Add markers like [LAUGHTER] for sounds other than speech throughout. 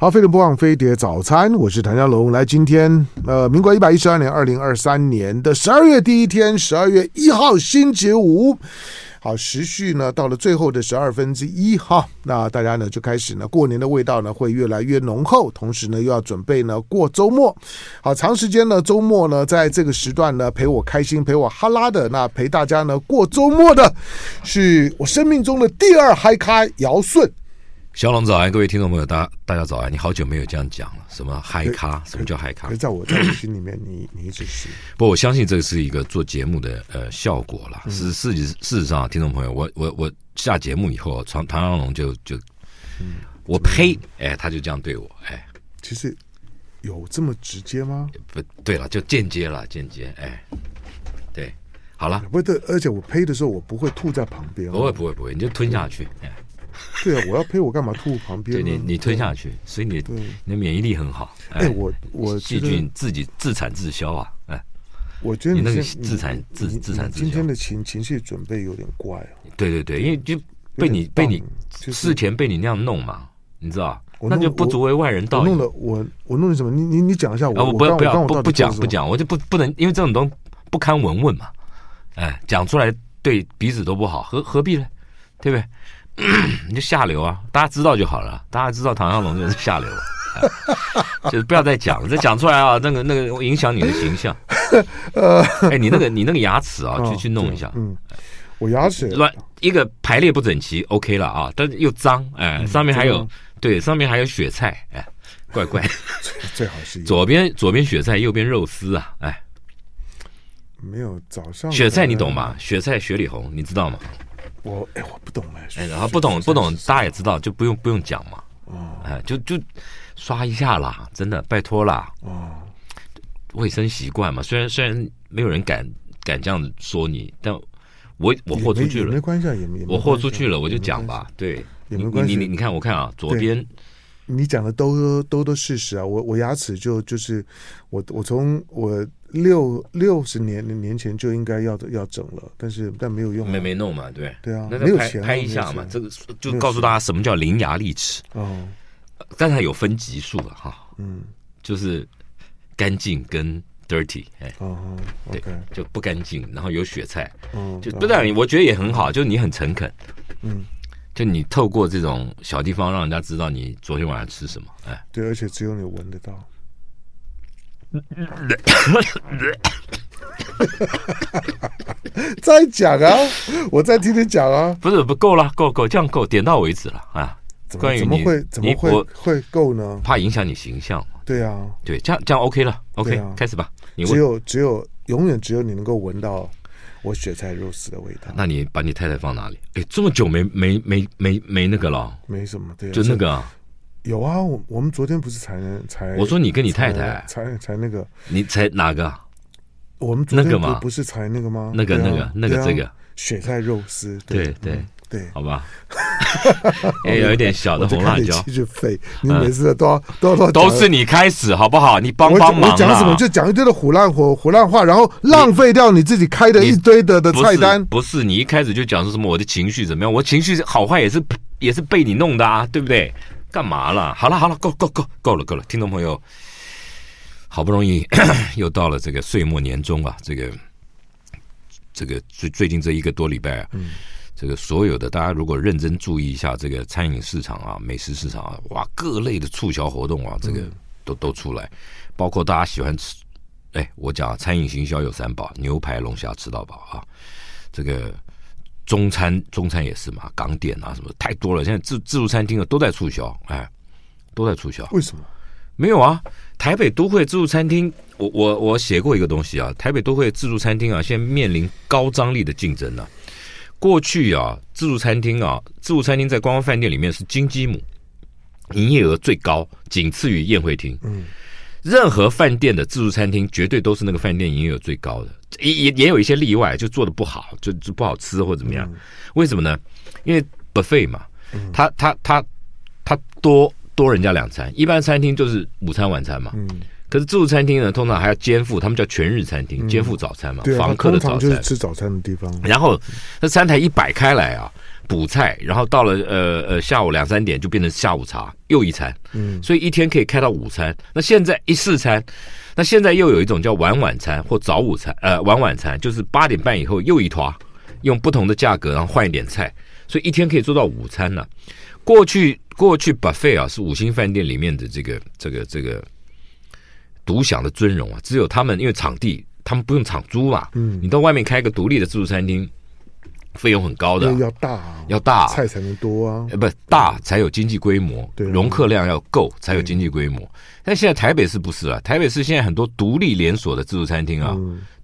好，飛碟聯播網《飛碟早餐》，我是唐湘龍。來，今天呃，民國一百一十二年二零二三年的十二月第一天，十二月一號，星期五。好，時序呢到了最後的十二分之一哈，那大家呢就開始呢過年的味道呢會越來越濃厚，同時呢又要準備呢過週末。好，長時間呢週末呢在這個時段呢陪我開心、陪我哈拉的，那陪大家呢過週末的是我生命中的第二嗨咖，姚舜。湘龍早安，各位聽眾朋友，大家大家早安！你好久沒有這樣講了，什麼嗨咖，什麼叫嗨咖？在我在心裡面， [COUGHS] 你你一直是。不過，我相信這個是一個做節目的呃效果了。事實，事實上，聽眾朋友，我我我下節目以後，唐唐湘龍就就，嗯、我呸！哎實、呃，他就這樣對我，哎、呃，其實有這麼直接嗎？不對了，就間接了，間接，哎、呃，對，好了。不對，而且我呸的時候，我不會吐在旁邊，啊，不會，不會，不會，你就吞下去。呃對啊，我要呸，我幹嘛吐旁邊？你你吞下去，所以你你的免疫力很好。哎，我我細菌自己自產自銷啊！哎，我覺得你那個自產自自產自銷。今天的情情緒準備有點怪啊。對對對，因為就被你被你事前被你那樣弄嘛，你知道？那就不足為外人道。弄的我我弄的什麼？你你你講一下。我不要不要不不講不講，我就不不能因為這種東西不堪聞問嘛。哎，講出來對彼此都不好，何何必呢？對不對？嗯、你就下流啊！大家知道就好了，大家知道唐湘龍就是下流了、 [LAUGHS] 啊，就是不要再講了，再講出來啊，那個那個影響你的形象。呃， [LAUGHS] 哎，你那個你那個牙齒啊，哦、去、嗯、去弄一下。嗯，我牙齒亂，一個排列不整齊，OK 了啊，但又髒，哎，嗯、上面還有、嗯、對，上面還有雪菜，哎，怪怪。最好是一。左邊左邊雪菜，右邊肉絲啊，哎。沒有早上。雪菜你懂嗎？雪菜雪裡紅，你知道嗎？我哎，我不懂哎，然後不懂不懂，大家也知道，就不用不用講嘛。啊，哎，就就刷一下啦，真的，拜託啦。哦，衛生習慣嘛，雖然雖然沒有人敢敢這樣子說你，但我我豁出去了，我豁出去了，我就講吧。對，你你你看，我看啊，左邊，你講的都都都事實啊。我我牙齒就就是我我從我。六六十年的年前就應該要要整了，但是但沒有用，沒沒弄嘛，對對啊，那有拍一下嘛，這個就告訴大家什麼叫伶牙俐齒哦，但它有分級數的哈，嗯，就是乾淨跟 dirty 哎哦，對就不乾淨，然後有雪菜，就不然我覺得也很好，就是你很誠懇，嗯，就你透過這種小地方讓人家知道你昨天晚上吃什麼，哎，對，而且只有你聞得到。 [LAUGHS] [LAUGHS] 再講啊！我在聽你講啊！不是不夠了，夠夠，這樣夠，點到為止了啊！關於怎麼會怎麼會會夠呢？怕影響你形象對啊，對，這樣這樣 OK 了，OK、啊、開始吧。你問只有只有永遠只有你能夠聞到我雪菜肉絲的味道。那你把你太太放哪裡？哎，這麼久沒沒沒沒沒那個了、哦，沒什麼，對啊，就那個、啊。有啊，我我們昨天不是才才我說你跟你太太才才那個，你才哪個？我們那個嗎？不是才那個嗎？那個那個那個這個雪菜肉絲，對對對，好吧，也有一點小的紅辣椒，廢。你每次都都是你開始，好不好？你幫幫忙，講什麼就講一堆的唬爛唬唬爛話，然後浪費掉你自己開的一堆的的菜單。不是你一開始就講說什麼我的情緒怎麼樣？我情緒好壞也是也是被你弄的啊，對不對？幹嘛了？好了好了，夠夠夠夠了，夠了，夠，了夠了！聽眾朋友，好不容易 [COUGHS] 又到了這個歲末年終啊，這個這個最最近這一個多禮拜啊，嗯、這個所有的大家如果認真注意一下，這個餐飲市場啊、美食市場啊，哇，各類的促銷活動啊，這個都、嗯、都出來，包括大家喜歡吃，哎，我講餐飲行銷有三寶，牛排、龍蝦吃到飽啊，這個。中餐中餐也是嘛，港點啊什麼太多了，現在自自助餐廳啊都在促銷，哎，都在促銷。為什麼？沒有啊，台北都會自助餐廳，我我我寫過一個東西啊，台北都會自助餐廳啊，現在面臨高張力的競爭呢、啊。過去啊，自助餐廳啊，自助餐廳在觀光飯店裡面是金雞母，營業額最高，僅次於宴會廳。嗯。任何飯店的自助餐廳絕對都是那個飯店營業額最高的，也也也有一些例外，就做的不好，就就不好吃或者怎麼樣。嗯、為什麼呢？因為 buffet 嘛，他他他他多多人家兩餐，一般餐廳就是午餐晚餐嘛，嗯、可是自助餐廳呢，通常還要肩負，他們叫全日餐廳，嗯、肩負早餐嘛，對啊、房客的早餐，就是吃早餐的地方。然後那、嗯嗯、餐台一擺開來啊。補菜，然後到了呃呃下午兩三點就變成下午茶，又一餐，嗯，所以一天可以開到五餐。那現在一四餐，那現在又有一種叫晚晚餐或早午餐，呃晚晚餐就是八點半以後又一坨，用不同的價格然後換一點菜，所以一天可以做到五餐了，啊。過去過去 buffet 啊是五星飯店裡面的這個這個這個獨享的尊榮啊，只有他們因為場地他們不用場租嘛，嗯，你到外面開個獨立的自助餐廳。費用很高的，啊，要大，啊，要大，啊，菜才能多啊！呃，不大才有經濟規模，對嗯、容客量要夠才有經濟規模。對嗯、但現在台北市不是啊？台北市現在很多獨立連鎖的自助餐廳啊，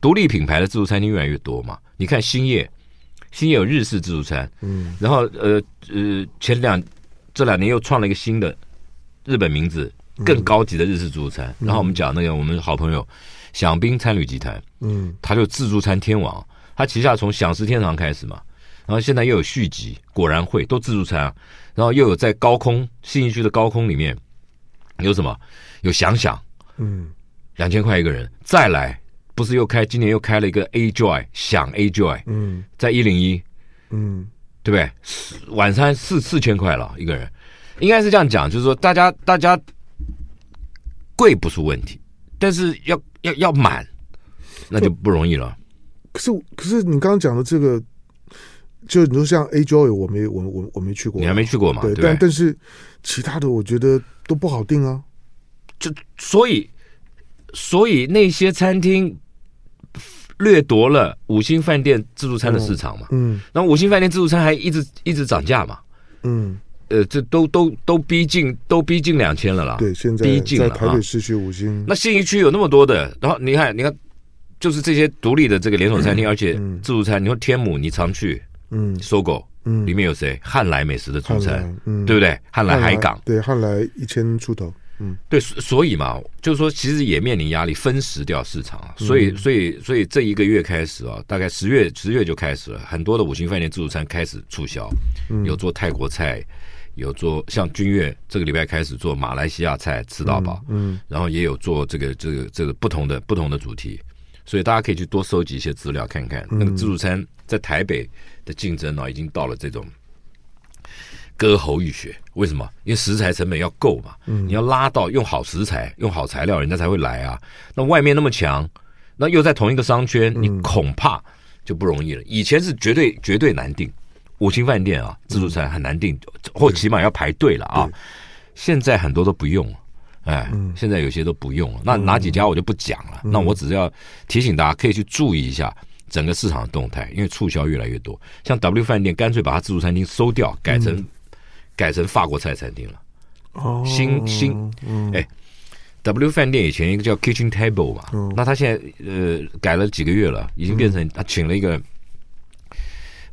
獨、嗯、立品牌的自助餐廳越來越多嘛？你看欣葉，欣葉有日式自助餐，嗯，然後呃呃前兩這兩年又創了一個新的日本名字，更高級的日式自助餐。嗯、然後我們講那個我們好朋友饗賓餐旅集團，嗯，他就自助餐天王。他旗下從饗食天堂開始嘛，然後現在又有續集，果然會都自助餐啊，然後又有在高空，信義區的高空裡面有什麼？有想想，嗯，兩千塊一個人，再來不是又開今年又開了一個 A Joy 享 A Joy，嗯，在一零一，嗯，對不對？晚餐四四千塊了一個人，應該是這樣講，就是說大家大家貴不是問題，但是要要要要滿，那就不容易了。嗯可是，可是你剛剛講的這個，就你說像 A Joy 我沒，我我我沒去過。你還沒去過嘛？對，但對對但是其他的，我覺得都不好定啊。就所以，所以那些餐廳掠奪了五星飯店自助餐的市場嘛。嗯，然後、嗯、五星飯店自助餐還一直一直漲價嘛？嗯，呃，這都都都逼近，都逼近兩千了啦。對，現在在台北市區五星，啊、那信義區有那麼多的，然後你看，你看。就是這些獨立的這個連鎖餐廳，嗯、而且自助餐。嗯、你說天母，你常去，搜狗裡面有誰？漢來美食的主餐，餐，嗯、對不對？漢來海港，對漢來一千出頭。嗯，對，所以嘛，就是說，其實也面臨壓力，分食掉市場所以，嗯、所以，所以，所以這一個月開始啊，大概十月，十月就開始了很多的五星飯店自助餐開始促銷，嗯、有做泰國菜，有做像君悅這個禮拜開始做馬來西亞菜，吃到飽。嗯，嗯、然後也有做這個這個、這個、這個不同的不同的主題。所以大家可以去多收集一些資料，看看那個自助餐在台北的競爭呢，啊，已經到了這種割喉浴血。為什麼？因為食材成本要夠嘛，嗯、你要拉到用好食材，用好材料，人家才會來啊。那外面那麼強，那又在同一個商圈，你恐怕就不容易了。以前是絕對絕對難訂五星飯店啊，自助餐很難訂，嗯、或起碼要排隊了啊。對現在很多都不用。哎，嗯、現在有些都不用了，那哪幾家我就不講了。嗯、那我只是要提醒大家，可以去注意一下整個市場的動態，因為促銷越來越多。像 W 飯店乾脆把它自助餐廳收掉，改成、嗯、改成法國菜餐廳了。哦，新新哎、嗯、W 飯店以前一個叫 Kitchen Table 嘛，嗯、那他現在呃改了幾個月了，已經變成他請了一個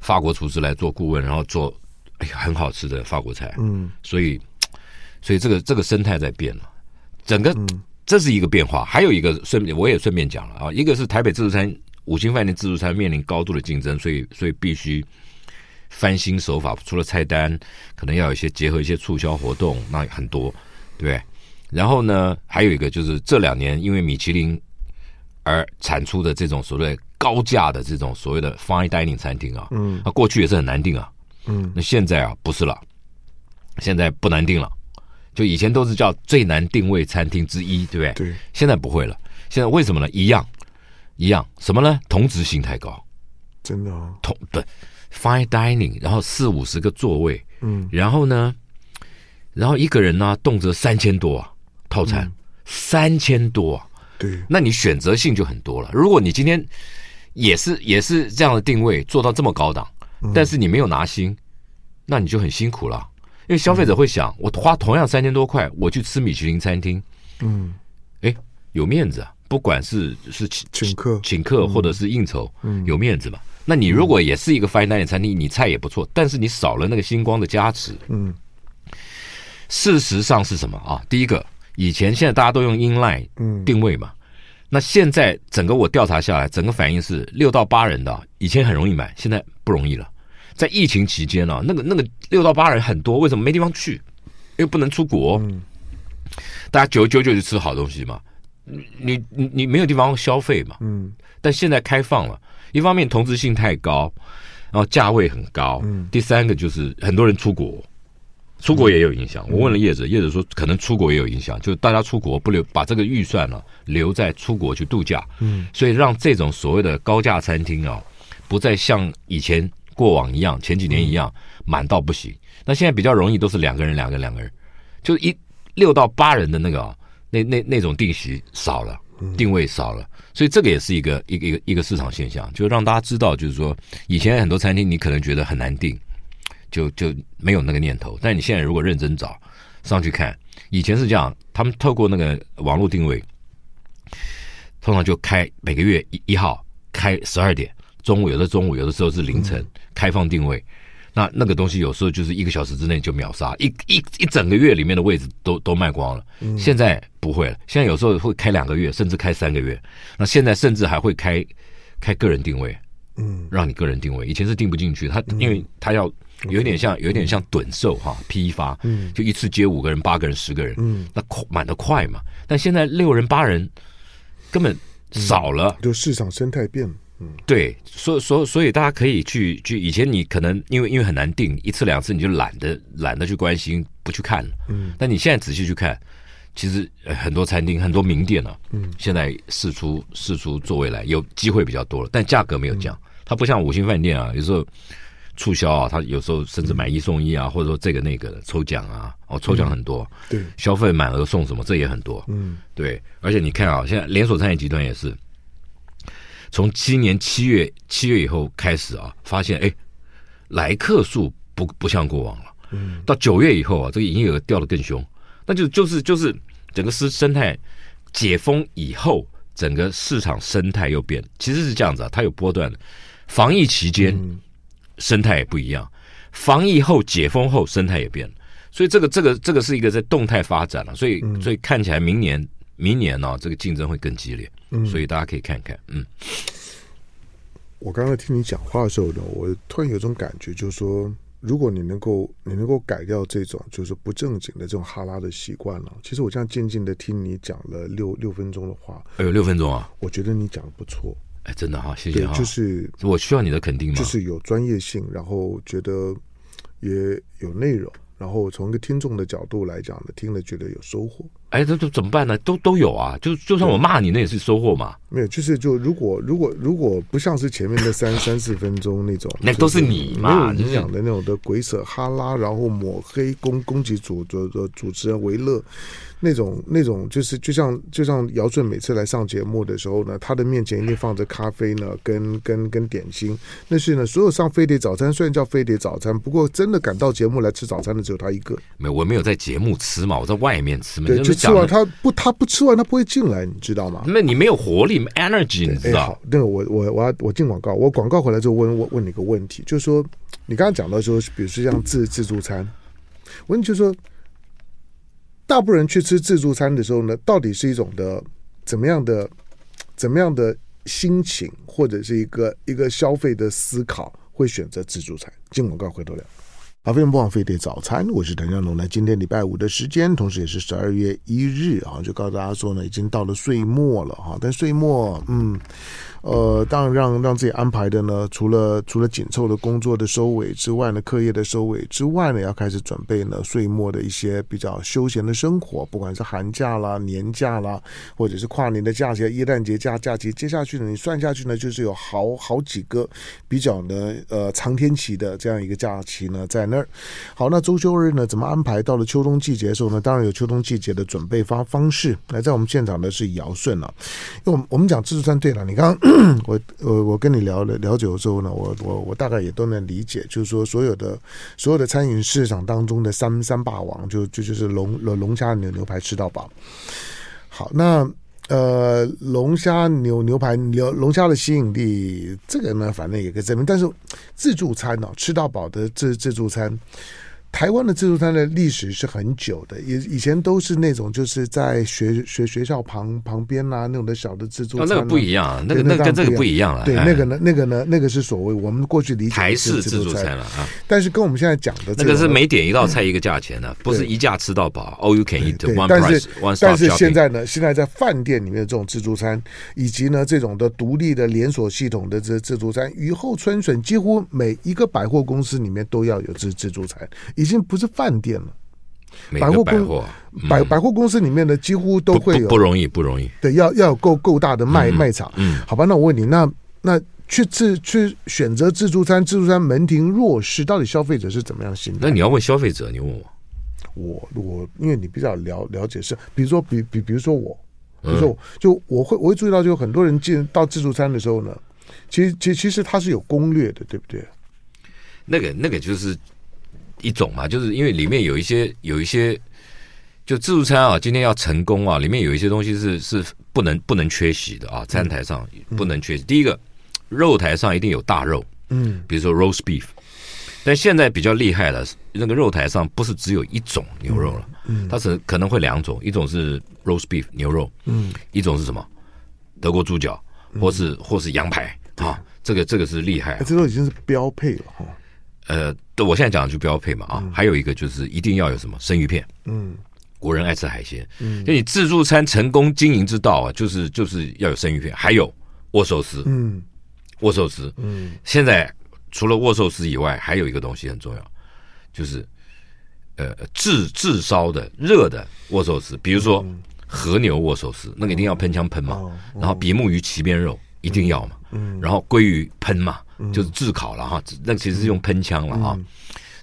法國廚師來做顧問，然後做哎很好吃的法國菜。嗯，所以所以這個這個生態在變了。整個這是一個變化，還有一個順便我也順便講了啊，一個是台北自助餐，五星飯店自助餐面臨高度的競爭，所以所以必須翻新手法，除了菜單，可能要有一些結合一些促銷活動，那很多對,對。然後呢，還有一個就是這兩年因為米其林而產出的這種所謂高價的這種所謂的 fine dining 餐廳啊，嗯，那、啊、過去也是很難訂啊，嗯，那現在啊不是了，現在不難訂了。就以前都是叫最難定位餐廳之一，對不對？對。現在不會了，現在為什麼呢？一樣，一樣，什麼呢？同質性太高，真的哦、啊。同對。fine dining，然後四五十個座位，嗯，然後呢，然後一個人呢、啊，動輒三千多啊，套餐、嗯、三千多啊，對、嗯。那你選擇性就很多了。對如果你今天也是也是這樣的定位，做到這麼高檔，嗯、但是你沒有拿星，那你就很辛苦了。因為消費者會想，嗯、我花同樣三千多塊，我去吃米其林餐廳，嗯，哎，有面子啊！不管是是請請客請客，請客或者是應酬，嗯，有面子嘛。那你如果也是一個 fine dining 餐廳，你菜也不錯，但是你少了那個星光的加持，嗯，事實上是什麼啊？第一個，以前現在大家都用 inline 定位嘛，嗯、那現在整個我調查下來，整個反應是六到八人的，以前很容易買，現在不容易了。在疫情期間呢、啊，那個那個六到八人很多，為什麼？沒地方去，又不能出國，嗯、大家九九九就去吃好東西嘛，你你你沒有地方消費嘛。嗯，但現在開放了，一方面同質性太高，然後價位很高，嗯、第三個就是很多人出國，出國也有影響。嗯、我問了業者，業者說可能出國也有影響，就是大家出國不留把這個預算呢、啊、留在出國去度假，嗯、所以讓這種所謂的高價餐廳啊，不再像以前過往一樣，前幾年一樣，滿到不行。那、嗯、現在比較容易，都是兩個人、兩個、嗯、兩個人，就是一六到八人的那個、哦、那那那種定席少了，定位少了，所以這個也是一個一個一個一個市場現象，就讓大家知道，就是說以前很多餐廳你可能覺得很難定，就就沒有那個念頭。但你現在如果認真找上去看，以前是這樣，他們透過那個網絡定位，通常就開每個月一一號開十二點，中午有的中午，有的時候是凌晨。嗯開放定位，那那個東西有時候就是一個小時之內就秒殺，一一一整個月裡面的位置都都賣光了。現在不會了，現在有時候會開兩個月，甚至開三個月。那現在甚至還會開開個人定位，嗯，讓你個人定位。以前是定不進去，他、嗯、因為他要有點像 okay, 有點像躉售哈，批發，嗯，就一次接五個人、八個人、十個人，嗯，那快滿得快嘛。但現在六人、八人，根本少了，嗯、就市場生態變了。對，所以所以所以大家可以去去。以前你可能因為因為很難定一次兩次，你就懶得懶得去關心，不去看了。嗯，但你現在仔細去看，其實很多餐廳很多名店呢、啊，嗯，現在釋出釋出座位來，有機會比較多了，但價格沒有降。嗯、它不像五星飯店啊，有時候促銷啊，它有時候甚至買一送一啊，嗯、或者說這個那個的抽獎啊，哦，抽獎很多，嗯、對，消費滿額送什麼這也很多，嗯，對。而且你看啊，現在連鎖餐飲集團也是。從今年七月七月以後開始啊，發現哎，來客數不不像過往了。嗯，到九月以後啊，這個營業額掉得更兇。那就是、就是就是整個是生態解封以後，整個市場生態又變了。其實是這樣子啊，它有波段的。防疫期間生態也不一樣，防疫後解封後生態也變了。所以這個這個這個是一個在動態發展了，啊。所以所以看起來明年明年呢，啊，這個競爭會更激烈。嗯，所以大家可以看看。嗯，我剛才聽你講話的時候呢，我突然有種感覺，就是說，如果你能夠，你能夠改掉這種就是不正經的這種哈拉的習慣呢、啊，其實我這樣靜靜的聽你講了六六分鐘的話，還有、哎呦、六分鐘啊！我覺得你講的不錯，哎，真的哈，謝謝啊，對，就是我需要你的肯定嘛，就是有專業性，然後覺得也有內容，然後從一個聽眾的角度來講呢，聽了覺得有收穫。哎，這這怎麼辦呢？都都有啊，就就算我罵你，那也是收穫嘛。沒有，就是就如果如果如果不像是前面那三 [LAUGHS] 三四分鐘那種， [LAUGHS] 那都是你嘛，嗯、你講的那種的鬼扯哈拉，然後抹黑攻攻擊主主主主持人為樂，那種那種就是就像就像姚舜每次來上節目的時候呢，他的面前一定放着咖啡呢， [LAUGHS] 跟跟跟點心。那是呢，所有上飛碟早餐雖然叫飛碟早餐，不過真的趕到節目來吃早餐的只有他一個。沒有，我沒有在節目吃嘛，我在外面吃嘛。對，就是吃完他不，他不吃完他不會進來，你知道嗎？那你沒有活力好，energy，你知道？對欸、好，那個我我我要我進廣告，我廣告回來之後問我問你一個問題，就是說你剛剛講到說，比如說像自自助餐，我問你就是說，大部分人去吃自助餐的時候呢，到底是一種的怎麼樣的怎麼樣的心情，或者是一個一個消費的思考，會選擇自助餐？進廣告回頭聊。好，非常不枉費的早餐，我是唐湘龍，那今天禮拜五的時間，同時也是十二月一日，哈，就告訴大家說呢，已經到了歲末了，哈，但歲末，嗯。呃，當然讓讓自己安排的呢，除了除了緊湊的工作的收尾之外呢，課業的收尾之外呢，要開始準備呢，歲末的一些比較休閒的生活，不管是寒假啦、年假啦，或者是跨年的假期、元旦節假假期，接下去呢，你算下去呢，就是有好好幾個比較呢，呃，長天期的這樣一個假期呢，在那兒。好，那周休日呢，怎麼安排？到了秋冬季節的時候呢，當然有秋冬季節的準備方方式。來，在我們現場的是姚舜啊，因為我們我們講自助餐對了，你剛剛。 [COUGHS] 我我 [COUGHS] 我跟你聊了了解之後呢，我我我大概也都能理解，就是說所有的所有的餐飲市場當中的三三霸王，就就就是龍龍蝦牛牛排吃到飽。好，那呃龍蝦牛牛排，牛龍蝦的吸引力，這個呢反正也可以證明，但是自助餐呢、哦、吃到飽的自自助餐。台灣的自助餐的歷史是很久的，以以前都是那種就是在學學學校旁旁邊啊，那種的小的自助，啊，那個不一樣，那那跟這個不一樣啊。對，那個呢，那個呢，那個是所謂我們過去理解台式自助餐了，啊。但是跟我們現在講的這個是每點一道菜一個價錢呢，不是一價吃到飽。All you can eat，但是但是現在呢，現在在飯店裡面的這種自助餐，以及呢這種的獨立的連鎖系統的這自助餐，雨後春筍，幾乎每一個百貨公司裡面都要有自自助餐。已經不是飯店了，百貨公百貨、嗯、百,百貨公司裡面的幾乎都會有不容易不,不容易，對要要有夠夠大的賣、嗯、賣場，嗯，好吧，那我問你，那那去自去選擇自助餐，自助餐門庭若市，到底消費者是怎麼樣心態？那你要問消費者，你問我，我我因為你比較了了解是，比如說，比比比如說我，比如說我、嗯、就我會我會注意到，就很多人進到自助餐的時候呢，其實其實其實他是有攻略的，對不對？那個那個就是。一種嘛，就是因為裡面有一些有一些，就自助餐啊，今天要成功啊，裡面有一些東西是是不能不能缺席的啊。餐台上不能缺席，嗯、第一個肉台上一定有大肉，嗯，比如說 roast beef。但現在比較厲害了，那個肉台上不是只有一種牛肉了，嗯，嗯，它是可能會兩種，一種是 roast beef 牛肉，嗯，一種是什麼？德國豬腳或是、嗯、或是羊排、嗯、啊，這個這個是厲害、啊，欸，這都已經是標配了哈，哦、呃。我現在講的就標配嘛啊，嗯、還有一個就是一定要有什麼生魚片，嗯，國人愛吃海鮮，嗯，就你自助餐成功經營之道啊，就是就是要有生魚片，還有握壽司，嗯，握壽司，嗯，現在除了握壽司以外，還有一個東西很重要，就是呃炙炙燒的熱的握壽司，比如說和牛握壽司，嗯、那個一定要噴槍噴嘛，嗯哦、然後比目魚鰭邊肉、嗯、一定要嘛，嗯，嗯然後鮭魚噴嘛。就是炙烤了哈，那其實是用噴槍了哈，嗯、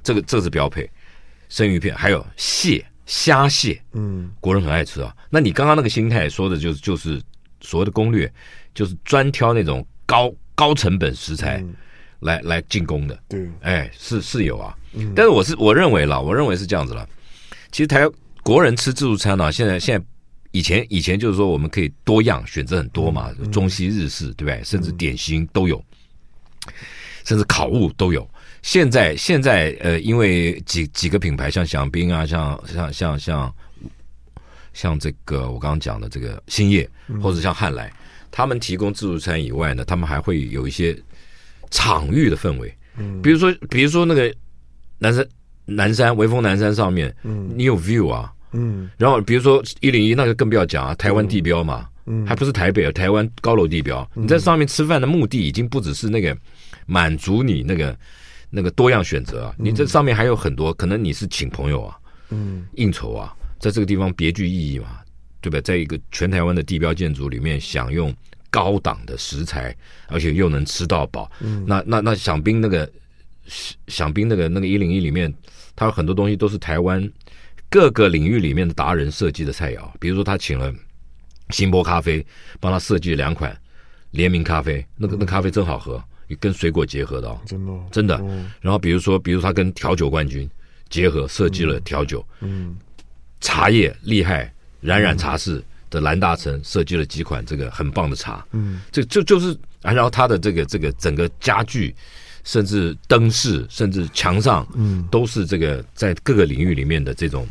這個這是標配。生魚片，還有蟹、蝦、蟹，嗯，國人很愛吃啊。那你剛剛那個心態說的，就是就是所謂的攻略，就是專挑那種高高成本食材來、嗯、來、來進攻的。對，哎，是是有啊，嗯、但是我是我認為啦，我認為是這樣子了。其實台灣國人吃自助餐呢，現在現在以前以前就是說我們可以多樣選擇很多嘛，嗯、中西日式對不對？嗯、甚至點心都有。甚至烤物都有。現在現在呃，因為幾幾個品牌，像饗賓啊，像像像像，像這個我剛剛講的這個欣葉，或者像漢來，嗯、他們提供自助餐以外呢，他們還會有一些場域的氛圍。嗯、比如說比如說那個南山南山微風南山上面，嗯，你有 view 啊，嗯，然後比如說一零一，那就更不要講啊，台灣地標嘛。嗯嗯，還不是台北，台灣高樓地標。嗯、你這上面吃飯的目的已經不只是那個滿足你那個那個多樣選擇，啊，你在上面還有很多，可能你是請朋友啊，嗯，應酬啊，在這個地方別具意義嘛，對吧？在一個全台灣的地標建築裡面享用高檔的食材，而且又能吃到飽。嗯，那那那饗、那個，饗賓那個饗賓那個那個一零一裡面，他有很多東西都是台灣各個領域裡面的達人設計的菜肴，比如說他請了。星波咖啡幫他設計了兩款聯名咖啡，那個那咖啡真好喝，跟水果結合的哦，真的、嗯、真的。然後比如說，比如他跟調酒冠軍結合設計了調酒，嗯，嗯茶葉厲害，冉冉茶室的藍大誠設計了幾款這個很棒的茶，嗯，這就就是然後他的這個這個整個家具，甚至燈飾，甚至牆上，嗯，都是這個在各個領域裡面的這種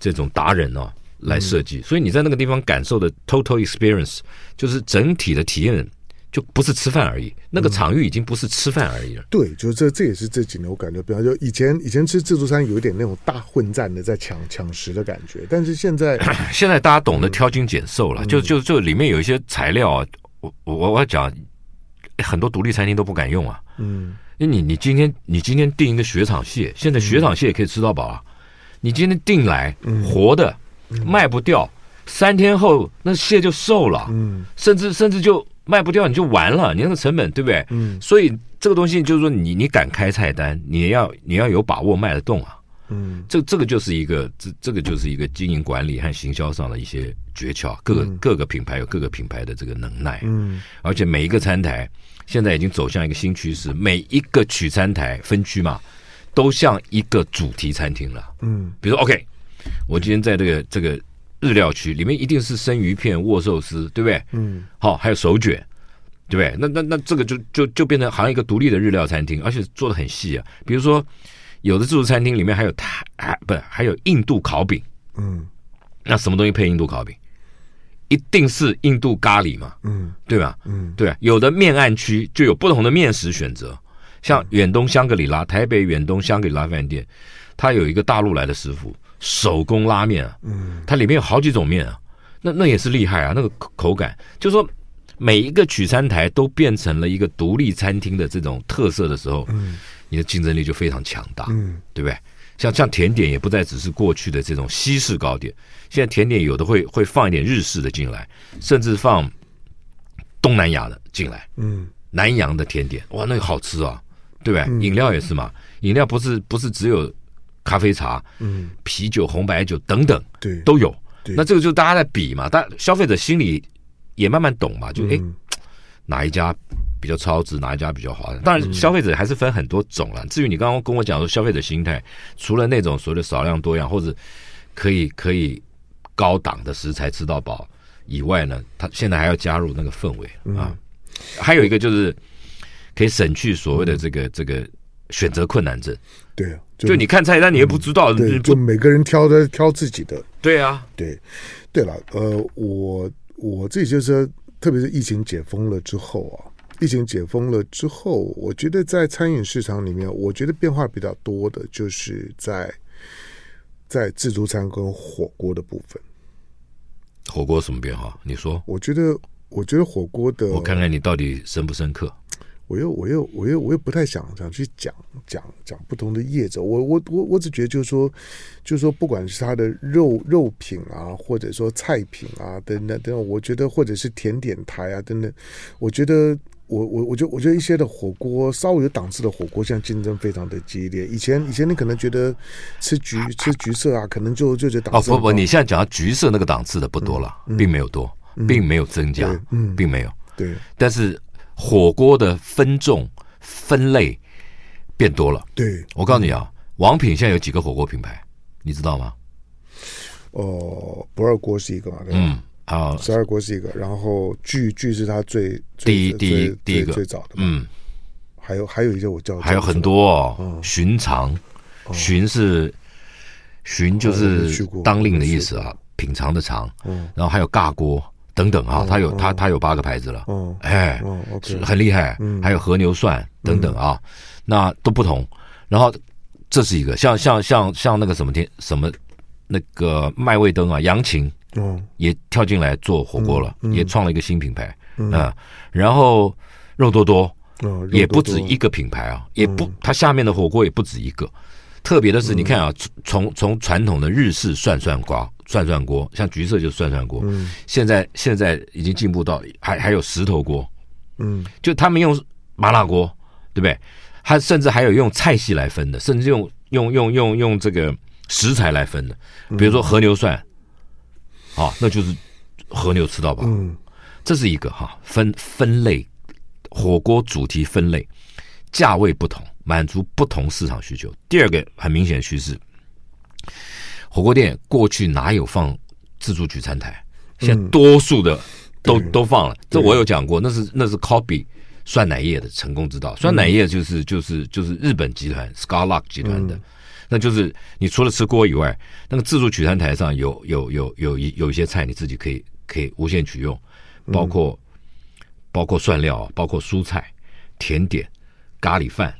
這種達人哦。來設計，所以你在那個地方感受的 total experience、嗯、就是整體的體驗，就不是吃飯而已。嗯、那個場域已經不是吃飯而已了。對，就是這，這也是這幾年我感覺比較，比方說以前以前吃自助餐有一點那種大混戰的，在搶搶食的感覺。但是現在、嗯、現在大家懂得挑精揀瘦了，嗯、就就就裡面有一些材料、啊，我我我講很多獨立餐廳都不敢用啊。嗯，那你你今天你今天訂一個雪場蟹，現在雪場蟹也可以吃到飽啊。嗯、你今天訂來、嗯、活的。嗯賣不掉，三天後那蟹就瘦了，嗯，甚至甚至就賣不掉，你就完了，你那個成本對不對？嗯，所以這個東西就是說你，你你敢開菜單，你要你要有把握賣得動啊，嗯，這這個就是一個這這個就是一個經營管理和行銷上的一些訣竅，各個、嗯、各個品牌有各個品牌的這個能耐，嗯，而且每一個餐台現在已經走向一個新趨勢，每一個取餐台分區嘛，都像一個主題餐廳了，嗯，比如說 OK。我今天在這個這個日料區裡面，一定是生魚片、握壽司，對不對？嗯，好、哦，還有手卷，對不對？那那那這個就就就變成好像一個獨立的日料餐廳，而且做得很細啊。比如說，有的自助餐廳裡面還有台啊，啊，不還有印度烤餅？嗯，那什麼東西配印度烤餅？一定是印度咖喱嘛？嗯，對吧？嗯，對。有的麵案區就有不同的麵食選擇，像遠東香格里拉、台北遠東香格里拉飯店，它有一個大陸來的師傅。手工拉麵啊，它裡面有好幾種麵啊，那那也是厲害啊，那個口口感，就是說每一個取餐台都變成了一個獨立餐廳的這種特色的時候，嗯，你的競爭力就非常強大，嗯，對不對？像像甜點也不再只是過去的這種西式糕點，現在甜點有的會會放一點日式的進來，甚至放東南亞的進來，嗯，南洋的甜點，哇，那個好吃啊，對不對？嗯，飲料也是嘛，飲料不是不是只有。咖啡茶，嗯，啤酒、紅白酒等等，對，對，都有。那這個就是大家在比嘛，但消費者心裡也慢慢懂嘛，就哎，哪一家比較超值，哪一家比較划算。當然，消費者還是分很多種了、嗯、至於你剛剛跟我講說消費者心態，除了那種所謂的少量多樣或者可以可以高檔的食材吃到飽以外呢，他現在還要加入那個氛圍啊。嗯、還有一個就是可以省去所謂的這個、嗯、這個。選擇困難症，對啊，就是，就你看菜單，你又不知道，嗯對，就每個人挑的挑自己的，對啊，對，對了，呃，我我自己就是，特別是疫情解封了之後啊，疫情解封了之後，我覺得在餐飲市場裡面，我覺得變化比較多的就是在在自助餐跟火鍋的部分。火鍋什麼變化？你說？我覺得，我覺得火鍋的，我看看你到底深不深刻。我又我又我又我又不太想想去講講講不同的業者，我我我我只覺得就是說，就是說不管是他的肉肉品啊，或者說菜品啊等等等等，我覺得或者是甜點台啊等等，我覺得我我我覺得我覺得一些的火鍋稍微有檔次的火鍋，現在競爭非常的激烈。以前以前你可能覺得吃橘吃橘色啊，可能就就覺得檔次哦、啊、不不不，你現在講到橘色那個檔次的不多了，嗯嗯、並沒有多，並沒有增加，嗯，並沒有對，嗯、並沒有對，但是。火鍋的分眾分類變多了。對，我告訴你啊，王品現在有幾個火鍋品牌，你知道嗎？哦，不二鍋是一個嗯，啊十二鍋是一個，然後聚聚是他最第一第一第一個最早的。嗯，還有還有一些我叫還有很多，旬嘗旬是旬就是當令的意思啊，品嘗的嘗。嗯，然後還有尬鍋。等等啊，它有它它有八個牌子了，哦，哎，很厲害，還有和牛蒜等等啊，那都不同。然後這是一個像像像像那個什麼天什麼那個麥味登啊，楊琴嗯，也跳進來做火鍋了，也創了一個新品牌嗯，然後肉多多也不止一個品牌啊，也不它下面的火鍋也不止一個。特別的是，你看啊，從從從傳統的日式涮涮鍋、涮涮鍋，像橘色就是涮涮鍋，嗯、現在現在已經進步到還還有石頭鍋，嗯，就他們用麻辣鍋，對不對？還甚至還有用菜系來分的，甚至用用用用用這個食材來分的，比如說和牛涮，嗯、啊，那就是和牛吃到飽，嗯，這是一個哈、啊、分分類火鍋主題分類，價位不同。滿足不同市場需求。第二個很明顯的趨勢，火鍋店過去哪有放自助取餐台？現在多數的都、嗯、都放了。對這我有講過，那是那是 copy 涮乃葉的成功之道。嗯、涮乃葉就是就是就是日本集團 Skylark 集團的，嗯、那就是你除了吃鍋以外，那個自助取餐台上有有有有一有，有一些菜你自己可以可以無限取用，包括、嗯、包括涮料，包括蔬菜、甜點、咖喱飯。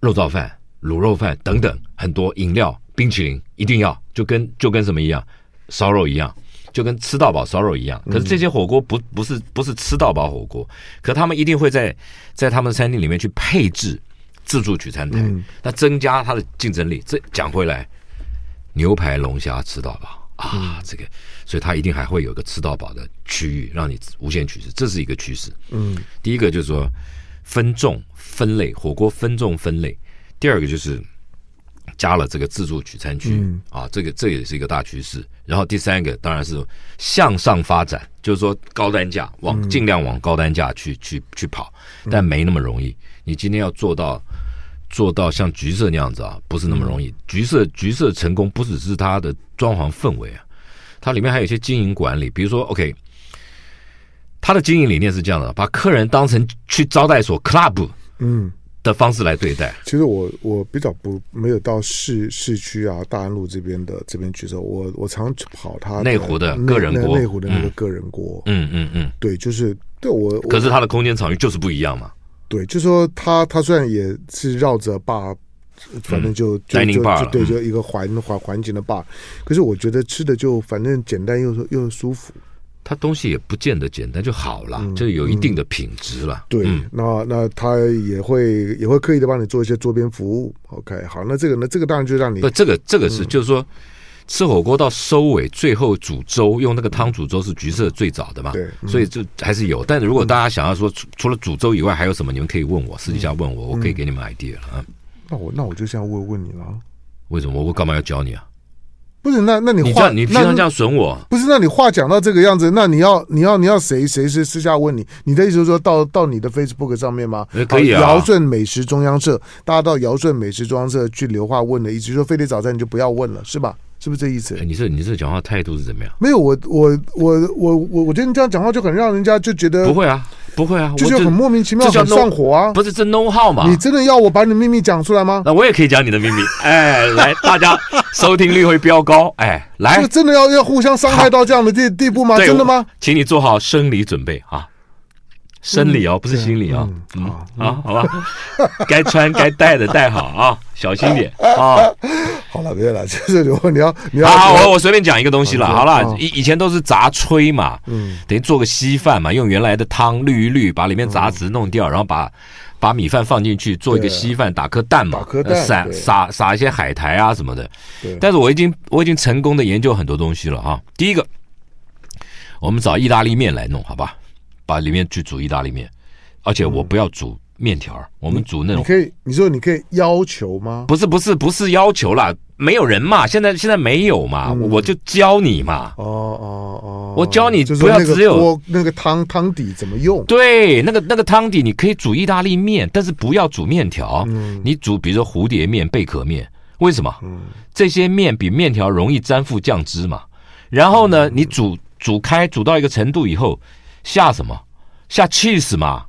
肉燥飯、滷肉飯等等，很多飲料、冰淇淋一定要，就跟就跟什麼一樣，燒肉一樣，就跟吃到飽燒肉一樣。可是這些火鍋不不是不是吃到飽火鍋，可他們一定會在在他們的餐廳裡面去配置自助取餐台，嗯、那增加它的競爭力。這講回來，牛排、龍蝦吃到飽啊，嗯、這個，所以它一定還會有一個吃到飽的區域讓你無限取食，這是一個趨勢。嗯，第一個就是說。分眾分類火鍋分眾分類，第二個就是加了這個自助取餐區啊,這個這也是一個大趨勢。然後第三個當然是向上發展，就是說高單價往儘量往高單價去去去跑，但沒那麼容易。你今天要做到做到像橘色那樣子啊，不是那麼容易。橘色橘色成功不只是它的裝潢氛圍啊，它裡面還有一些經營管理，比如說 OK。他的經營理念是這樣的，把客人當成去招待所、club 嗯的方式來對待。嗯、其實我我比較不沒有到市市區啊，大安路這邊的這邊去吃。我我常跑他內湖的個人鍋內內，內湖的那個個人鍋。嗯嗯嗯，對，就是、嗯嗯嗯、對我。可是他的空間場域就是不一樣嘛。對，就說他他雖然也是繞着吧，反正就、嗯、就就對，就一個環環環境的吧、嗯。可是我覺得吃的就反正簡單又又舒服。他東西也不見得簡單就好了，嗯、就有一定的品質了。對，嗯、那那他也會也會刻意的幫你做一些桌邊服務。OK，好，那這個那這個當然就讓你不這個這個是就是說，嗯、吃火鍋到收尾，最後煮粥用那個湯煮粥是橘色最早的嘛？對，嗯、所以就還是有。但是如果大家想要說，除、嗯、除了煮粥以外還有什麼，你們可以問我私底下問我，我可以給你們 idea 了、嗯、啊。那我那我就先問問你了。為什麼我幹嘛要教你啊？不是那那你話你平常這樣損我？不是那你話講到這個樣子，那你要你要你要誰誰是私下問你？你的意思是說到到你的 Facebook 上面嗎？欸、可以啊。姚舜美食中央社，大家到姚舜美食中央社去留話問的意思，說飛碟早餐你就不要問了，是吧？是不是這意思？欸、你這你這講話態度是怎麼樣？沒有，我我我我我我覺得你這樣講話就很讓人家就覺得不會啊。不會啊，這就，就很莫名其妙，想這上火啊！這 no, 不是 know how 嗎？嘛你真的要我把你的秘密講出來嗎？那我也可以講你的秘密，哎， [LAUGHS] 來，大家收聽率會飆高，哎，來，就真的要要互相傷害到這樣的地哈地步嗎？對真的嗎？請你做好生理準備啊！生理哦，不是心理哦，嗯啊，好吧，該穿該戴的戴好啊，小心點啊。好了，別要了，就是你要你要。我我隨便講一個東西了。好了，以以前都是雜炊嘛，嗯，等於做個稀飯嘛，用原來的湯濾一濾，把裡面雜質弄掉，然後把把米飯放進去做一個稀飯，打顆蛋嘛，撒撒撒一些海苔啊什麼的。但是我已經我已經成功地研究很多東西了哈。第一個，我們找意大利面來弄，好吧。把裡面去煮意大利麵，而且我不要煮麵條。嗯、我們煮那種你你可以，你說你可以要求嗎？不是不是不是要求啦，沒有人嘛，現在現在沒有嘛、嗯我，我就教你嘛。哦哦哦，哦哦我教你就是、那個、不要只有我那個湯湯底怎麼用？對，那個那個湯底你可以煮意大利麵，但是不要煮麵條。嗯，你煮比如說蝴蝶麵、貝殼麵，為什麼？嗯，這些麵比麵條容易粘附醬汁嘛。然後呢，嗯、你煮煮開，煮到一個程度以後。下什麼？下 cheese 嘛，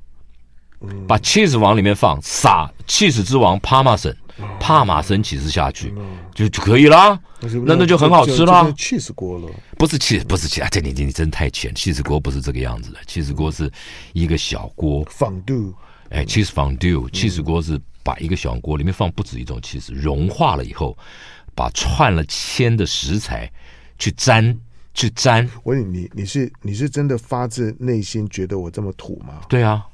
嗯、把 cheese 往裡面放，撒 cheese 之王 Parmesan，帕馬森起司下去，嗯、就就可以了。那那就很好吃了。不是 cheese 鍋了，不是 cheese，不是 cheese。這你你你真太淺，cheese 鍋不是這個樣子的。cheese 鍋是一個小鍋，fondue，哎，cheese fondue。cheese fondue 鍋是把一個小鍋裡面放不止一種 cheese，融化了以後，把串了簽的食材去沾。去粘我？你你你是你是真的發自內心覺得我這麼土嗎？對啊。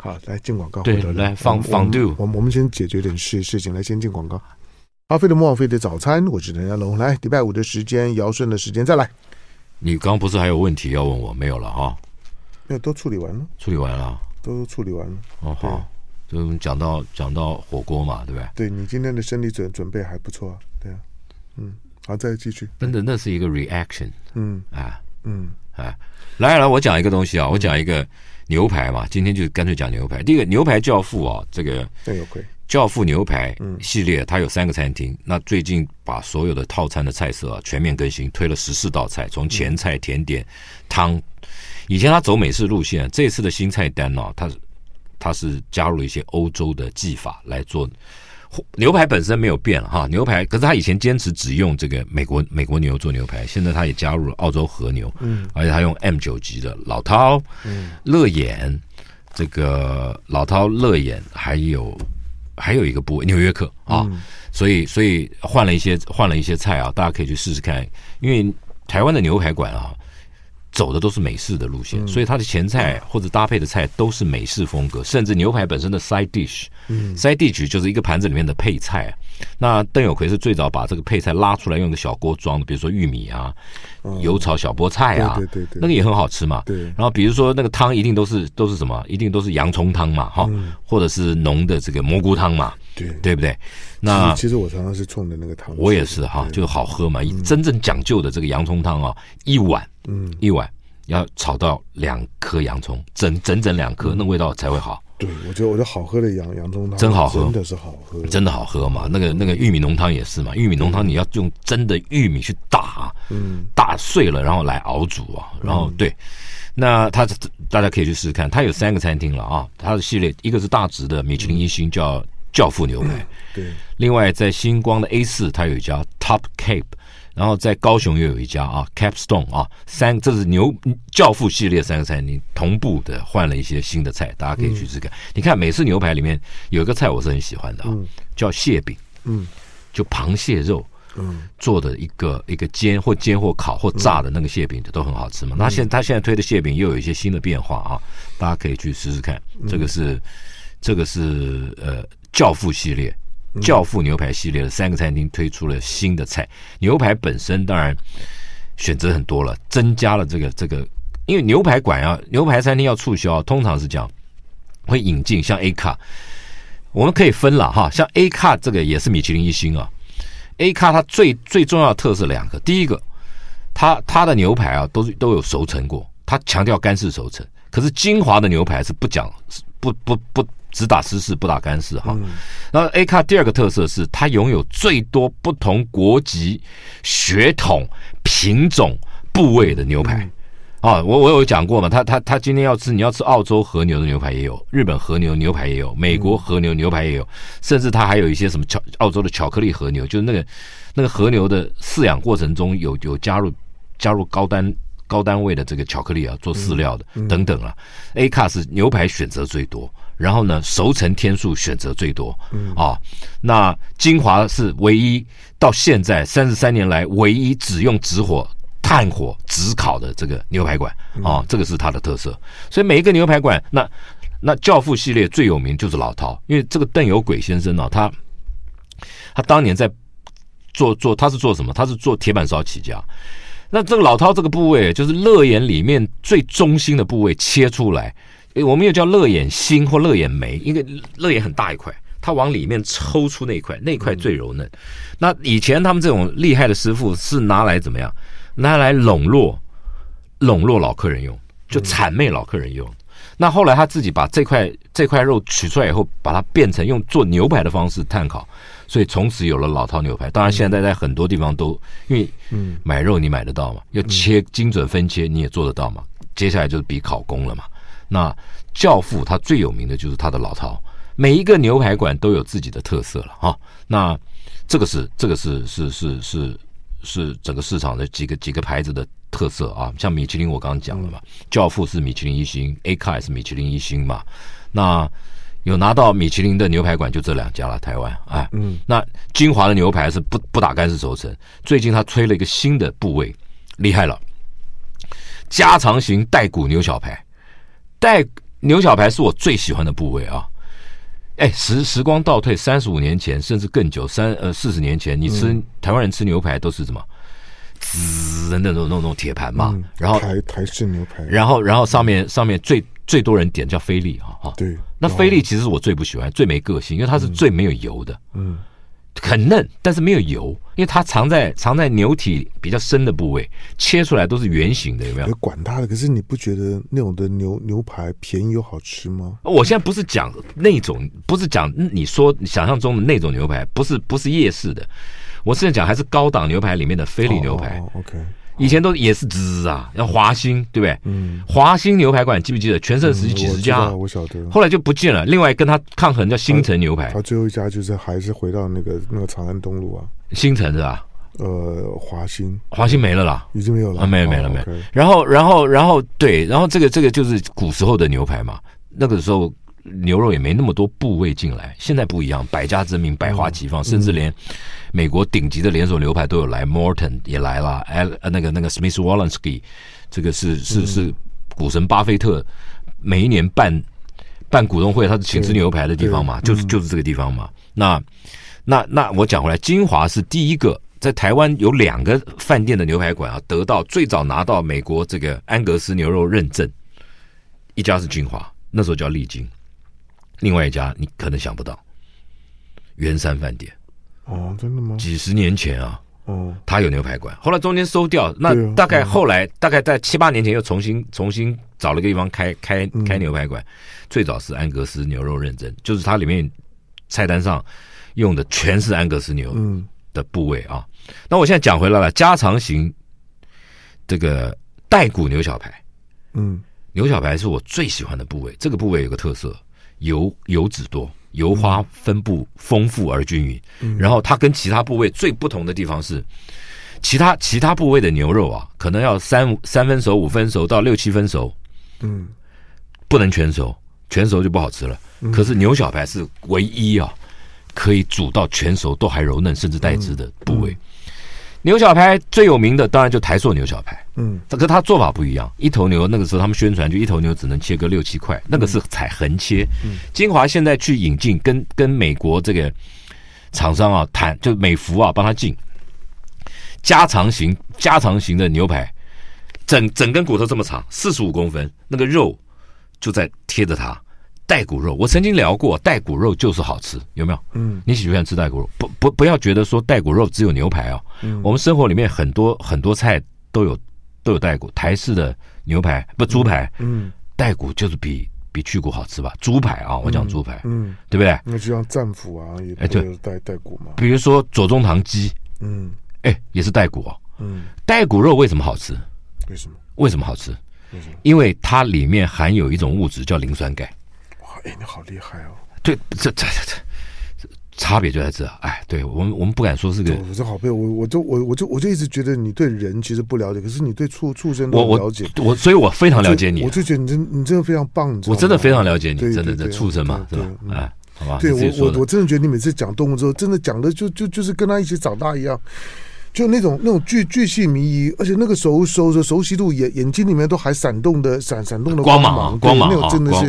好，來進廣告。對，來放放 do。我我們先解決點事事情，來先進廣告。飛碟的飛碟的早餐，我是唐湘龍。來，禮拜五的時間，姚舜的時間再來。你剛不是還有問題要問我？沒有了哈。沒有，都處理完了？處理完了，都處理完了。哦好，就講到講到火鍋嘛，對不對？對，你今天的生理準準備還不錯啊。對啊，嗯。好，再繼續。真的，那是一個 reaction、嗯。嗯啊，嗯啊，來來，我講一個東西啊，嗯、我講一個牛排嘛。今天就乾脆講牛排。第一個，牛排教父啊，這個教父牛排系列，嗯、它有三個餐廳。那最近把所有的套餐的菜色，啊、全面更新，推了十四道菜，從前菜、甜點、嗯、湯。以前他走美式路線，啊，這次的新菜單呢、啊，他他是加入了一些歐洲的技法來做。牛排本身沒有變哈，牛排，可是他以前堅持只用這個美國美國牛做牛排，現在他也加入了澳洲和牛，嗯，而且他用 M 九級的老饕，嗯，肋眼，這個老饕肋眼還有還有一個部位紐約客啊，嗯，所以所以換了一些換了一些菜啊，大家可以去試試看，因為台灣的牛排館啊。走的都是美式的路線，嗯、所以它的前菜或者搭配的菜都是美式風格，嗯、甚至牛排本身的 side dish，嗯、side dish 就是一個盤子裡面的配菜。那鄧有奎是最早把這個配菜拉出來用個小鍋裝的，比如說玉米啊，油炒小菠菜啊，對對那個也很好吃嘛。對。然後比如說那個湯一定都是都是什麼，一定都是洋蔥湯嘛，哈，或者是濃的這個蘑菇湯嘛，對，對不對？那其實我常常是沖的那個湯。我也是哈，就好喝嘛。真正講究的這個洋蔥湯啊，一碗，嗯，一碗要炒到兩顆洋蔥，整整整兩顆，那味道才會好。對，我覺得我覺得好喝的洋洋蔥湯真好喝，真的是好喝、嗯，真的好喝嘛。那個那個玉米濃湯也是嘛，玉米濃湯你要用真的玉米去打，嗯，打碎了然後來熬煮啊，然後、嗯、對，那它大家可以去試試看，它有三個餐廳了啊，它的系列一個是大直的米其林一星叫教父牛排，嗯、對，另外在星光的 A 四，它有一家 Top Cap。然後在高雄又有一家啊，Capstone 啊，三，這是牛教父系列三個菜，你同步的換了一些新的菜，大家可以去試，試看。你看美式牛排裡面有一個菜，我是很喜歡的啊，叫蟹餅，嗯，就螃蟹肉，嗯，做的一個一個煎或煎或烤或炸的那個蟹餅的都很好吃嘛。那現他現在推的蟹餅又有一些新的變化啊，大家可以去試試看。這個是這個是呃教父系列。教父牛排系列的三個餐廳推出了新的菜。牛排本身當然選擇很多了，增加了這個這個，因為牛排館啊，牛排餐廳要促銷啊，通常是這樣會引進像 A 卡，我們可以分了哈，像 A 卡，這個也是米其林一星啊。A 卡它最最重要的特色兩個，第一個，它它的牛排啊都是都有熟成過，它強調乾式熟成，可是晶華的牛排是不講不不不。不不只打濕式不打乾式哈，然後、嗯、A CUT 第二個特色是它擁有最多不同國籍、血統、品種、部位的牛排、嗯、啊，我我有講過嘛，他他他今天要吃你要吃澳洲和牛的牛排也有，日本和牛牛排也有，美國和牛牛排也有，嗯、甚至它還有一些什麼巧澳洲的巧克力和牛，就是那個那個和牛的飼養過程中有有加入加入高單高單位的這個巧克力啊做飼料的、嗯、等等啊、嗯、，A CUT 是牛排選擇最多。然後呢，熟成天數選擇最多，啊，那晶華是唯一到現在三十三年來唯一只用直火炭火直烤的這個牛排館啊、哦，這個是它的特色。所以每一個牛排館，那那教父系列最有名就是老饕，因為這個鄧有葵先生呢、啊，他他當年在做做他是做什麼？他是做鐵板燒起家。那這個老饕這個部位，就是肋眼裡面最中心的部位，切出來。誒，我們又叫肋眼心或肋眼眉，因為肋眼很大一塊，它往裡面抽出那一塊，那一塊最柔嫩。嗯、那以前他們這種厲害的師傅是拿來怎麼樣？拿來籠絡，籠絡老客人用，就諂媚老客人用。嗯、那後來他自己把這塊這塊肉取出來以後，把它變成用做牛排的方式炭烤，所以從此有了老饕牛排。當然現在在很多地方都因為買肉你買得到嘛，要切精準分切你也做得到嘛，嗯、接下來就是比烤功了嘛。那教父他最有名的就是他的老饕，每一個牛排館都有自己的特色了哈、啊。那這個是這個是是是是是整個市場的幾個幾個牌子的特色啊。像米其林，我剛剛講了嘛，嗯、教父是米其林一星，A Cut 也是米其林一星嘛。那有拿到米其林的牛排館就這兩家了，台灣哎，嗯，那晶華的牛排是不不打乾式熟成，最近他推了一個新的部位，厲害了，加長型帶骨牛小排。在牛小排是我最喜歡的部位啊！哎、欸，時時光倒退三十五年前，甚至更久三、呃四十年前，你吃台灣人吃牛排都是什麼？滋的那種那種那種鐵盤嘛，嗯、然後台台式牛排，然後然後上面上面最最多人點叫菲力啊哈，對，那菲力其實是我最不喜歡，最沒個性，因為它是最沒有油的，嗯。嗯很嫩，但是沒有油，因為它藏在藏在牛體比較深的部位，切出來都是圓形的，有沒有？你管它的，可是你不覺得那種的牛牛排便宜又好吃嗎？我現在不是講那種，不是講你說你想象中的那種牛排，不是不是夜市的，我現在講還是高檔牛排裡面的菲力牛排。Oh, OK。以前都也是滋滋啊，要華興，對不對？嗯，華興牛排館記不記得？全盛時期幾十家，嗯、我，我曉得。後來就不見了。另外跟他抗衡叫星辰牛排他。他最後一家就是還是回到那個那個長安東路啊。星辰是吧？呃，華興，華興沒了啦，已經沒有了，沒有、啊，沒有，沒有。然後，然後，然後，對，然後這個這個就是古時候的牛排嘛，那個時候。嗯牛肉也沒那麼多部位進來，現在不一樣，百家爭鳴，百花齊放，甚至連美國頂級的連鎖牛排都有來、嗯、，Morton 也來了，哎、嗯啊，那個那個 Smith Wallensky，這個是是是股神巴菲特每一年辦辦股東會，他是請吃牛排的地方嘛，嗯、就是就是這個地方嘛。嗯、那那那我講回來，晶華是第一個在台灣有兩個飯店的牛排館啊，得到最早拿到美國這個安格斯牛肉認證，一家是晶華，那時候叫麗晶。另外一家你可能想不到，圓山飯店哦，真的嗎？幾十年前啊，哦，他有牛排館，後來中間收掉，那大概後來大概在七八年前又重新重新找了個地方開開開牛排館，嗯、最早是安格斯牛肉認證，就是它裡面菜單上用的全是安格斯牛的部位啊。嗯、那我現在講回來了，加長型這個帶骨牛小排，嗯，牛小排是我最喜歡的部位，這個部位有個特色。油油脂多，油花分布豐富而均勻。嗯、然後它跟其他部位最不同的地方是，其他其他部位的牛肉啊，可能要三三分熟、五分熟到六七分熟，嗯，不能全熟，全熟就不好吃了。嗯、可是牛小排是唯一啊，可以煮到全熟都還柔嫩，甚至帶汁的部位。嗯、牛小排最有名的當然就台塑牛小排。嗯，這跟他做法不一樣，一頭牛那個時候他們宣傳，就一頭牛只能切割六七塊，那個是採橫切。嗯嗯、晶華現在去引進跟跟美國這個廠商啊談，就美福啊幫他進加長型、加長型的牛排，整整根骨頭這麼長，四十五公分，那個肉就在貼着它帶骨肉。我曾經聊過帶骨肉就是好吃，有沒有？嗯，你喜歡吃帶骨肉？不不不要覺得說帶骨肉只有牛排哦、啊。嗯，我們生活裡面很多很多菜都有。都有帶骨，台式的牛排，不，豬排，嗯，帶骨就是比比去骨好吃吧？豬排啊，我講豬排，嗯，嗯對不對？那就像戰斧啊，也是哎對，帶帶骨嘛。比如說左宗棠雞，嗯、哎，哎也是帶骨哦，嗯，帶骨肉為什麼好吃？為什麼？為什麼好吃？為什麼？因為它裡面含有一種物質叫磷酸鈣。哇，哎你好厲害哦！對，這這這。這差別就在這兒，哎，對我們，我們不敢說是個。我是好朋友，我，我就，我，我就，我就一直覺得你對人其實不了解，可是你對畜畜生我了解我。我，所以我非常了解你，啊。我就覺得你真，你真的非常棒，你知道嗎？我真的非常了解你，真的，的，這畜生嘛，對，對吧？哎、嗯，好吧，對我，我我真的覺得你每次講動物之後，真的講的就就就是跟他一起長大一樣。就那種那種巨巨細靡遺，而且那個熟熟的熟悉度，眼眼睛裡面都還閃動的閃閃動的光芒，光芒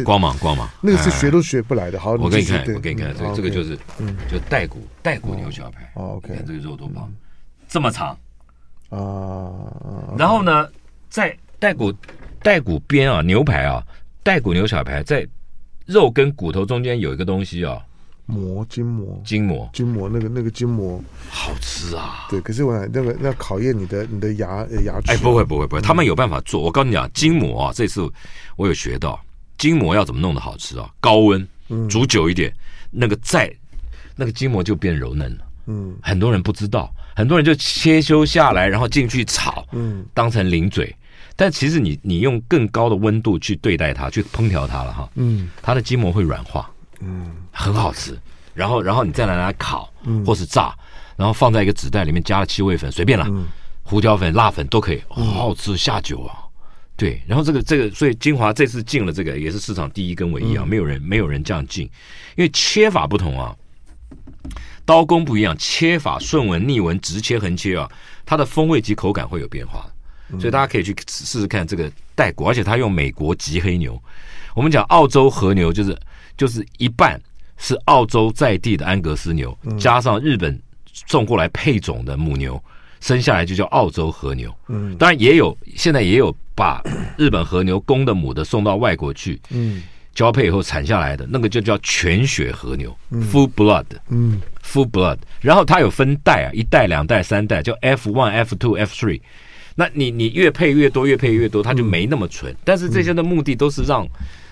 光芒光芒，那個是學都學不來的。好，我給你看，我給你看，這個就是，嗯，就帶骨帶骨牛小排。OK，看這個肉多棒，這麼長啊！然後呢，在帶骨帶骨邊啊，牛排啊，帶骨牛小排在肉跟骨頭中間有一個東西哦。膜筋膜筋膜筋膜，筋膜那個那個筋膜好吃啊！對，可是我那個要、那個、考驗你的你的牙牙齒。哎，不會不會不會，他們有辦法做。嗯、我告訴你講筋膜啊，這次我有學到筋膜要怎麼弄得好吃啊？高溫、嗯、煮久一點，那個再那個筋膜就變柔嫩了。嗯，很多人不知道，很多人就切修下來，然後進去炒，嗯，當成零嘴。但其實你你用更高的溫度去對待它，去烹調它了哈。嗯，它的筋膜會軟化。嗯，很好吃。然後，然後你再來拿來烤，嗯、或是炸，然後放在一個紙袋裡面，加了七味粉，隨便啦。嗯、胡椒粉、辣粉都可以，哦、好，好吃，嗯、下酒啊。對，然後這個這個，所以晶華這次進了這個也是市場第一跟唯一啊，嗯、沒有人沒有人這樣進，因為切法不同啊，刀工不一樣，切法順紋、逆紋、直切、橫切啊，它的風味及口感會有變化。嗯、所以大家可以去試試看這個帶骨，而且他用美國極黑牛，我們講澳洲和牛就是。就是一半是澳洲在地的安格斯牛，嗯，加上日本送過來配種的母牛，生下來就叫澳洲和牛。嗯，當然也有，現在也有把日本和牛公的母的送到外國去，嗯，交配以後產下來的那個就叫全血和牛，嗯，（full blood） 嗯。嗯，full blood。然後它有分代啊，一代、兩代、三代，叫 F one、F two、F three。那你你越配越多，越配越多，它就沒那麼純。嗯，但是這些的目的都是讓。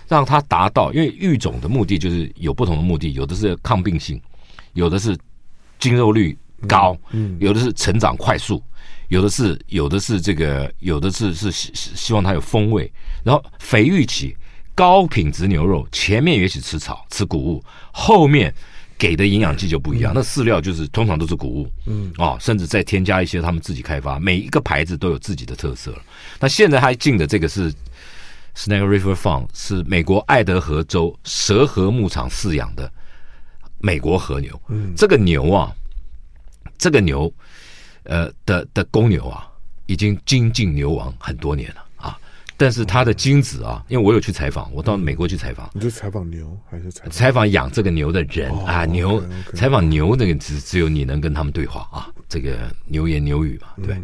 讓它達到，因為育種的目的就是有不同的目的，有的是抗病性，有的是精肉率高，有的是成長快速，有的是有的是這個，有的是是希希望它有風味。然後肥育期高品質牛肉，前面也許吃草吃穀物，後面給的營養劑就不一樣。嗯、那飼料就是通常都是穀物，嗯，哦，甚至再添加一些他們自己開發，每一個牌子都有自己的特色了。那現在還進的這個是。Snake River Farm 是美國愛德荷州蛇河牧場飼養的美國和牛。嗯、這個牛啊，這個牛，呃的的公牛啊，已經精盡牛亡很多年了啊。但是它的精子啊，因為我有去採訪，我到美國去採訪、嗯，你是採訪牛還是採訪養這個牛的人、哦、啊？牛採訪 okay, okay, 牛的，那個只只有你能跟他們對話啊。這個牛言牛語嘛，嗯、對。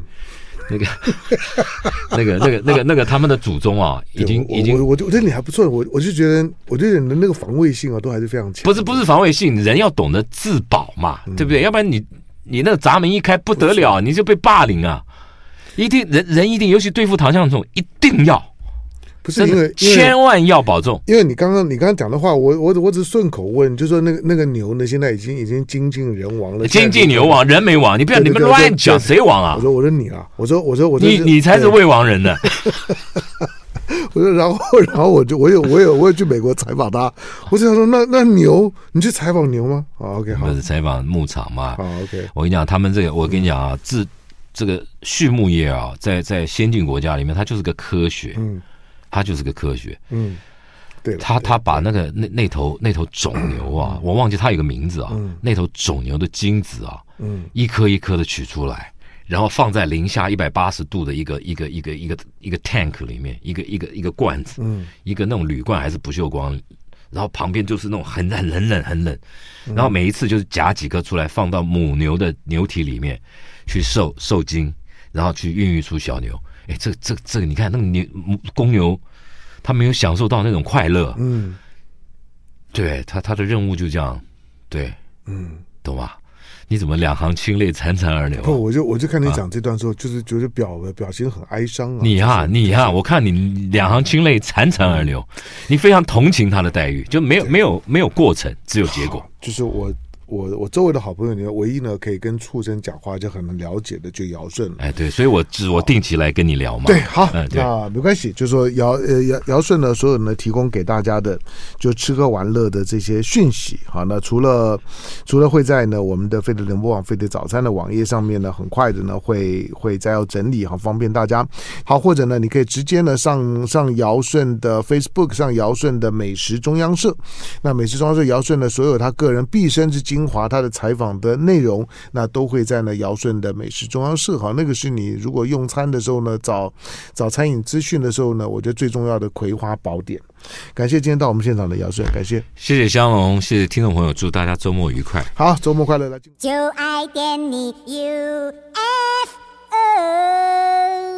[LAUGHS] 那個，那個，那個，那個，那個，他們的祖宗啊，已經，已經，我，我，我覺得你還不錯，我，我就覺得，我覺得你的那個防衛性啊，都還是非常強。不是，不是防衛性，人要懂得自保嘛，嗯、對不對？要不然你，你那個閘門一開不得了，不錯 你就被霸凌啊！一定，人人一定，尤其對付唐湘龍，一定要。但是千萬要保重，因為你剛剛，你剛剛講的話，我我我只順口問，就說那個那個牛呢，現在已經已經精盡人亡了，就是、精盡牛亡人沒亡，你不要對的 你們亂講誰，啊，誰亡啊？我說我說你啊，我說我說我說，你對你才是未亡人呢。 [LAUGHS] 我說然後然後我就我有我有我有去美國採訪他，我就想說那那牛，你去採訪牛嗎？啊、OK 好是採訪牧場嘛。啊、OK，我跟你講，他們這個我跟你講啊，嗯、自這個畜牧業啊，在在先進國家裡面，它就是個科學。嗯。它就是個科學，嗯，對，他他把那個那那頭那頭種牛啊，嗯、我忘記他有個名字啊，嗯、那頭種牛的精子啊，嗯，一顆一顆的取出來，然後放在零下一百八十度的一個一個一個一個一個 tank 裡面，一個一個一個，一個罐子，嗯，一個那種鋁罐還是不鏽鋼，然後旁邊就是那種很很冷很冷，很冷，然後每一次就是夾幾顆出來，放到母牛的牛體裡面去受受精，然後去孕育出小牛。哎，這這這個、那個，你看那個牛公牛，他沒有享受到那種快樂。嗯，對，他他的任務就這樣，對，嗯，懂吧？你怎麼兩行清淚潺潺而流？啊？不，我就我就看你講這段時候，啊，就是覺得表表情很哀傷啊。你啊，就是，你啊，就是，我看你兩行清淚潺潺而流，嗯，你非常同情他的待遇，就沒有對沒有沒有過程，只有結果。就是我。嗯我我周圍的好朋友裡面，唯一呢可以跟畜生講話就很了解的，就姚舜了。哎，對，所以我只、嗯、我定期來跟你聊嘛。對，好，嗯、那沒關係。就說姚呃姚姚舜呢，所有呢提供給大家的就吃喝玩樂的這些訊息，好，那除了除了會在呢我們的飛碟聯播網、飛碟早餐的網頁上面呢，很快的呢會會再要整理好方便大家。好，或者呢，你可以直接呢上上姚舜的 Facebook，上姚舜的美食中央社。那美食中央社姚舜呢，所有他個人畢生之經。清華他的採訪的內容，那都會在那姚舜的美食中央社。好，那個是你如果用餐的時候呢，找找餐飲資訊的時候呢，我覺得最重要的葵花寶典。感謝今天到我們現場的姚舜，感謝謝謝湘龍，謝謝聽眾朋友，祝大家週末愉快，好，週末快樂，來就愛點你 UFO。